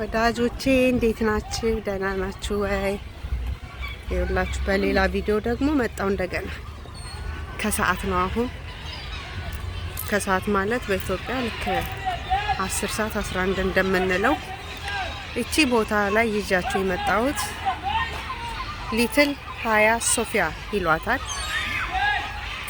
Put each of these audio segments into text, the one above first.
ወዳጆቼ እንዴት ናችሁ? ደህና ናችሁ ወይ? ይኸውላችሁ በሌላ ቪዲዮ ደግሞ መጣው እንደገና። ከሰዓት ነው አሁን። ከሰዓት ማለት በኢትዮጵያ ልክ አስር ሰዓት አስራ አንድ እንደምንለው እቺ ቦታ ላይ ይዣችሁ የመጣሁት ሊትል ሀያ ሶፊያ ይሏታል።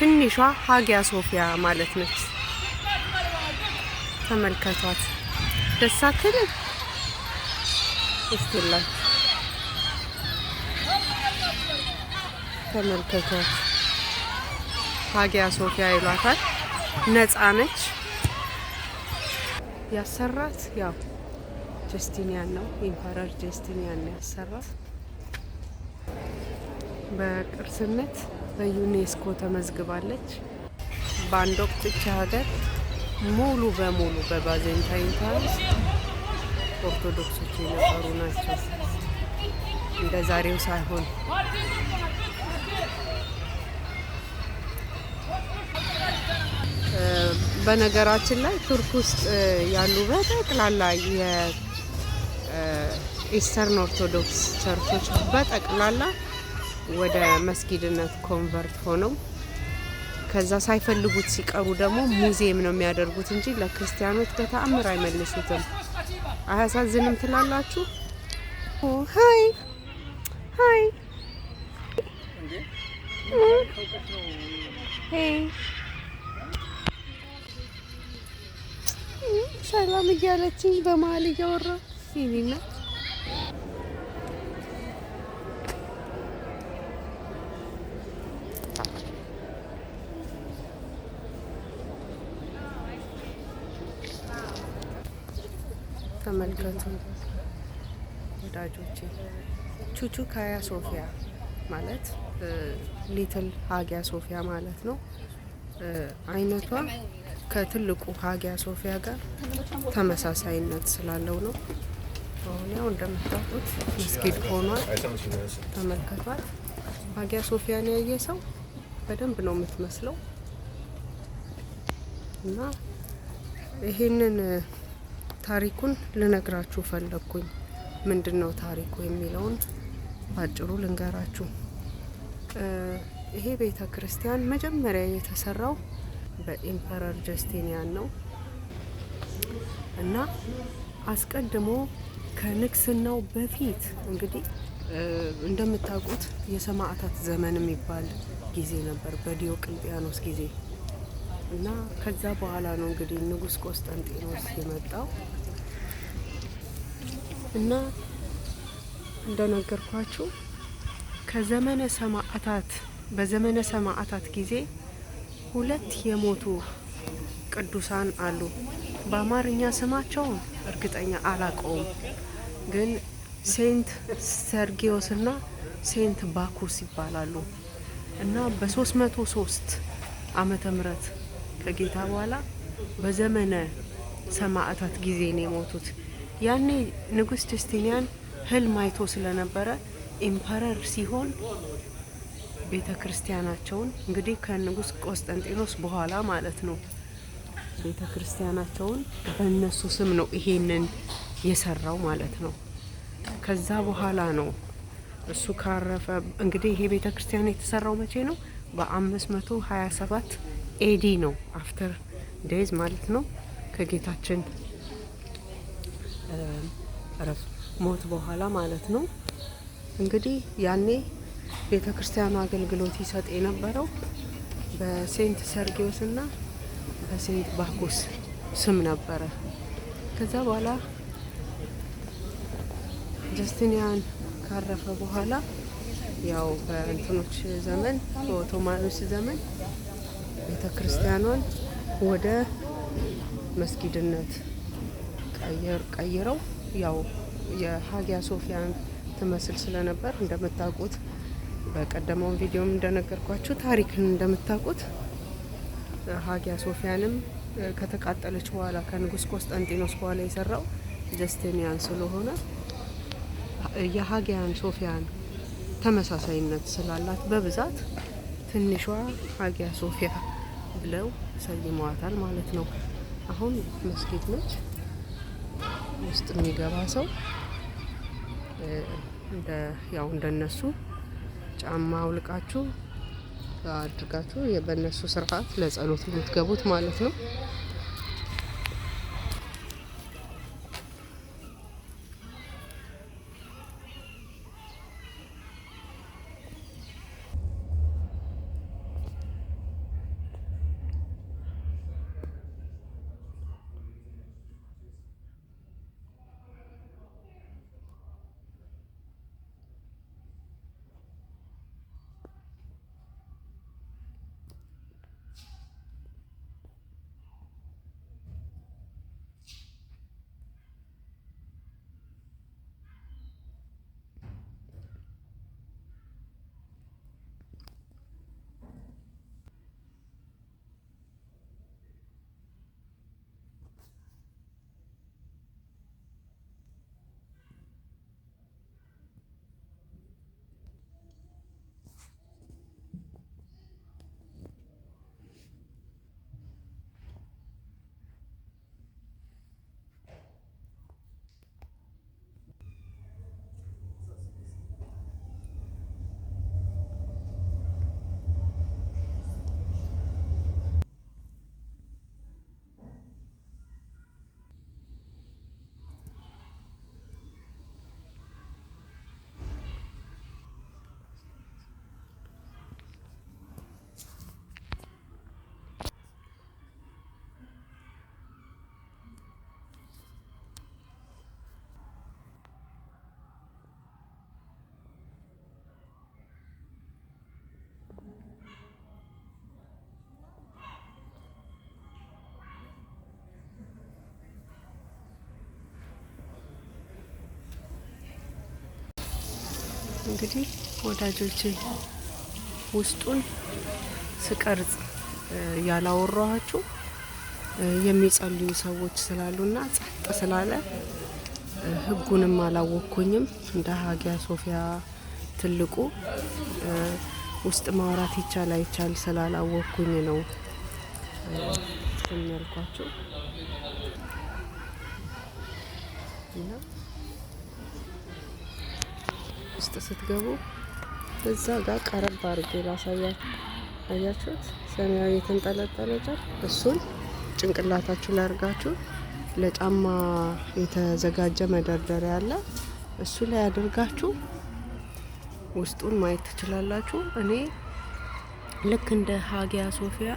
ትንሿ ሀጊያ ሶፊያ ማለት ነች። ተመልከቷት። ደስ እስኪላችሁ ተመልከቷት። ሀጊያ ሶፊያ ይሏታል። ነፃ ነች። ያሰራት ያው ጀስቲኒያን ነው። ኢምፐረር ጀስቲኒያን ነው ያሰራት። በቅርስነት በዩኔስኮ ተመዝግባለች። በአንድ ወቅት እች ሀገር ሙሉ በሙሉ በባዘንታይን ታሪክ ኦርቶዶክሶች የነበሩ ናቸው። እንደ ዛሬው ሳይሆን በነገራችን ላይ ቱርክ ውስጥ ያሉ በጠቅላላ የኢስተርን ኦርቶዶክስ ቸርቾች በጠቅላላ ወደ መስጊድነት ኮንቨርት ሆነው ከዛ ሳይፈልጉት ሲቀሩ ደግሞ ሙዚየም ነው የሚያደርጉት እንጂ ለክርስቲያኖች በተአምር አይመልሱትም። አያሳዝንም ትላላችሁ? ሀይ ሀይ ሰላም እያለችኝ በመሀል እያወራ ይኔና ተመልከቱ ወዳጆቼ። ቹቹ ካያ ሶፊያ ማለት ሊትል ሀጊያ ሶፊያ ማለት ነው። አይነቷ ከትልቁ ሀጊያ ሶፊያ ጋር ተመሳሳይነት ስላለው ነው። አሁን ያው እንደምታውቁት መስጊድ ሆኗል። ተመልከቷል። ሀጊያ ሶፊያን ያየ ሰው በደንብ ነው የምትመስለው እና ይሄንን ታሪኩን ልነግራችሁ ፈለግኩኝ። ምንድን ነው ታሪኩ የሚለውን ባጭሩ ልንገራችሁ። ይሄ ቤተ ክርስቲያን መጀመሪያ የተሰራው በኢምፐረር ጀስቲኒያን ነው እና አስቀድሞ ከንግስናው በፊት እንግዲህ እንደምታውቁት የሰማዕታት ዘመን የሚባል ጊዜ ነበር በዲዮቅልጥያኖስ ጊዜ እና ከዛ በኋላ ነው እንግዲህ ንጉስ ቆስጠንጢኖስ የመጣው እና እንደነገርኳችሁ ከዘመነ ሰማዕታት በዘመነ ሰማዕታት ጊዜ ሁለት የሞቱ ቅዱሳን አሉ። በአማርኛ ስማቸውን እርግጠኛ አላቀውም፣ ግን ሴንት ሰርጊዮስ እና ሴንት ባኩስ ይባላሉ እና በ303 ዓመተ ምህረት ከጌታ በኋላ በዘመነ ሰማዕታት ጊዜ ነው የሞቱት። ያኔ ንጉስ ጁስቲኒያን ህልም አይቶ ስለነበረ ኢምፐረር ሲሆን ቤተ ክርስቲያናቸውን እንግዲህ ከንጉስ ቆስጠንጢኖስ በኋላ ማለት ነው ቤተ ክርስቲያናቸውን በእነሱ ስም ነው ይሄንን የሰራው ማለት ነው። ከዛ በኋላ ነው እሱ ካረፈ እንግዲህ ይሄ ቤተ ክርስቲያን የተሰራው መቼ ነው? በአምስት መቶ ሀያ ሰባት ኤዲ ነው አፍተር ዴይዝ ማለት ነው። ከጌታችን ሞት በኋላ ማለት ነው። እንግዲህ ያኔ ቤተ ክርስቲያኑ አገልግሎት ይሰጥ የነበረው በሴንት ሰርጊዮስ እና በሴንት ባኮስ ስም ነበረ። ከዛ በኋላ ጀስቲኒያን ካረፈ በኋላ ያው በእንትኖች ዘመን በኦቶማዮስ ዘመን ቤተ ክርስቲያኗን ወደ መስጊድነት ቀይረው ያው የሀጊያ ሶፊያን ትመስል ስለነበር እንደምታውቁት በቀደመውን ቪዲዮም እንደነገርኳችሁ ታሪክን እንደምታውቁት ሀጊያ ሶፊያንም ከተቃጠለች በኋላ ከንጉስ ቆስጠንጢኖስ በኋላ የሰራው ጀስቴኒያን ስለሆነ የሀጊያን ሶፊያን ተመሳሳይነት ስላላት በብዛት ትንሿ ሀጊያ ሶፊያ ብለው ሰይመዋታል ማለት ነው። አሁን መስጊድ ነች። ውስጥ የሚገባ ሰው እንደ ያው እንደነሱ ጫማ አውልቃችሁ አድርጋችሁ በእነሱ ስርዓት ለጸሎት የምትገቡት ማለት ነው። እንግዲህ ወዳጆቼ ውስጡን ስቀርጽ ያላወራኋችሁ የሚጸልዩ ሰዎች ስላሉና ጸጥ ስላለ ህጉንም አላወቅኩኝም። እንደ ሀጊያ ሶፊያ ትልቁ ውስጥ ማውራት ይቻል አይቻል ስላላወቅኩኝ ነው ስም እና ውስጥ ስትገቡ እዛ ጋር ቀረብ አድርጌ ላሳያችሁ። አያችሁት? ሰማያዊ የተንጠለጠለ ጨርቅ፣ እሱን ጭንቅላታችሁ ላይ አድርጋችሁ ለጫማ የተዘጋጀ መደርደሪያ አለ። እሱ ላይ አድርጋችሁ ውስጡን ማየት ትችላላችሁ። እኔ ልክ እንደ ሀጊያ ሶፊያ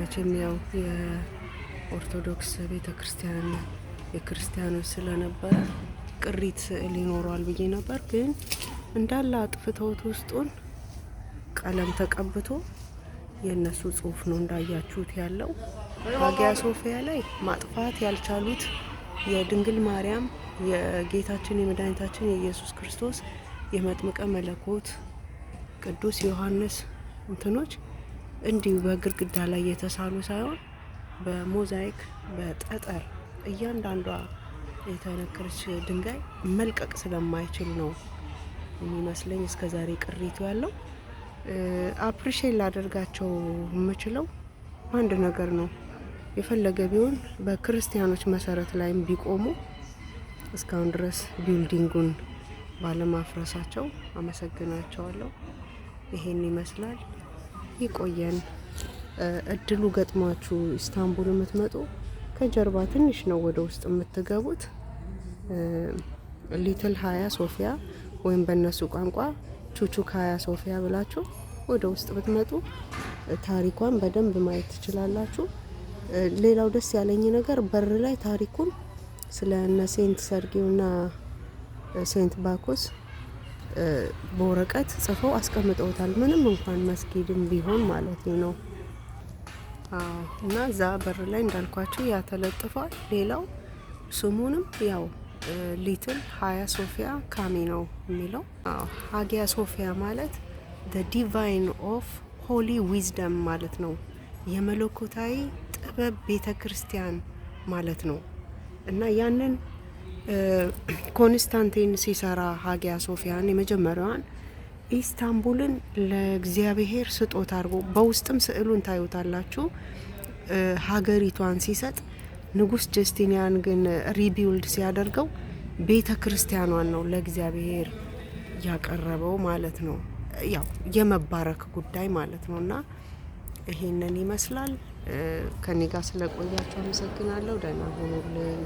መቼም ያው የኦርቶዶክስ ቤተ ክርስቲያን የክርስቲያኖች ስለነበረ ቅሪት ሊኖረዋል ብዬ ነበር፣ ግን እንዳለ አጥፍተውት ውስጡን ቀለም ተቀብቶ የእነሱ ጽሁፍ ነው እንዳያችሁት ያለው ሀጊያ ሶፊያ ላይ ማጥፋት ያልቻሉት የድንግል ማርያም የጌታችን የመድኃኒታችን የኢየሱስ ክርስቶስ የመጥምቀ መለኮት ቅዱስ ዮሐንስ እንትኖች እንዲሁ በግድግዳ ላይ የተሳሉ ሳይሆን በሞዛይክ በጠጠር እያንዳንዷ የተነከረች ድንጋይ መልቀቅ ስለማይችል ነው የሚመስለኝ እስከ ዛሬ ቅሪቱ ያለው። አፕሪሼት ላደርጋቸው የምችለው አንድ ነገር ነው። የፈለገ ቢሆን በክርስቲያኖች መሰረት ላይም ቢቆሙ እስካሁን ድረስ ቢልዲንጉን ባለማፍረሳቸው አመሰግናቸዋለሁ። ይሄን ይመስላል። ይቆየን። እድሉ ገጥሟችሁ ኢስታንቡል የምትመጡ ከጀርባ ትንሽ ነው ወደ ውስጥ የምትገቡት። ሊትል ሀያ ሶፊያ ወይም በእነሱ ቋንቋ ቹቹክ ሀያ ሶፊያ ብላችሁ ወደ ውስጥ ብትመጡ ታሪኳን በደንብ ማየት ትችላላችሁ። ሌላው ደስ ያለኝ ነገር በር ላይ ታሪኩን ስለ እነ ሴንት ሰርጊውና ሴንት ባኮስ በወረቀት ጽፈው አስቀምጠውታል። ምንም እንኳን መስጊድም ቢሆን ማለት ነው። እና እዛ በር ላይ እንዳልኳችሁ ያ ተለጥፏል። ሌላው ስሙንም ያው ሊትል ሀያ ሶፊያ ካሚ ነው የሚለው። ሀጊያ ሶፊያ ማለት ዲቫይን ኦፍ ሆሊ ዊዝደም ማለት ነው። የመለኮታዊ ጥበብ ቤተ ክርስቲያን ማለት ነው እና ያንን ኮንስታንቲን ሲሰራ ሀጊያ ሶፊያን የመጀመሪያዋን ኢስታንቡልን ለእግዚአብሔር ስጦታ አድርጎ በውስጥም ስዕሉን ታዩታላችሁ። ሀገሪቷን ሲሰጥ ንጉስ ጀስቲኒያን ግን ሪቢውልድ ሲያደርገው ቤተ ክርስቲያኗን ነው ለእግዚአብሔር ያቀረበው ማለት ነው። ያው የመባረክ ጉዳይ ማለት ነው እና ይሄንን ይመስላል። ከኔ ጋር ስለቆያችሁ አመሰግናለሁ። ደህና ሁኑልኝ።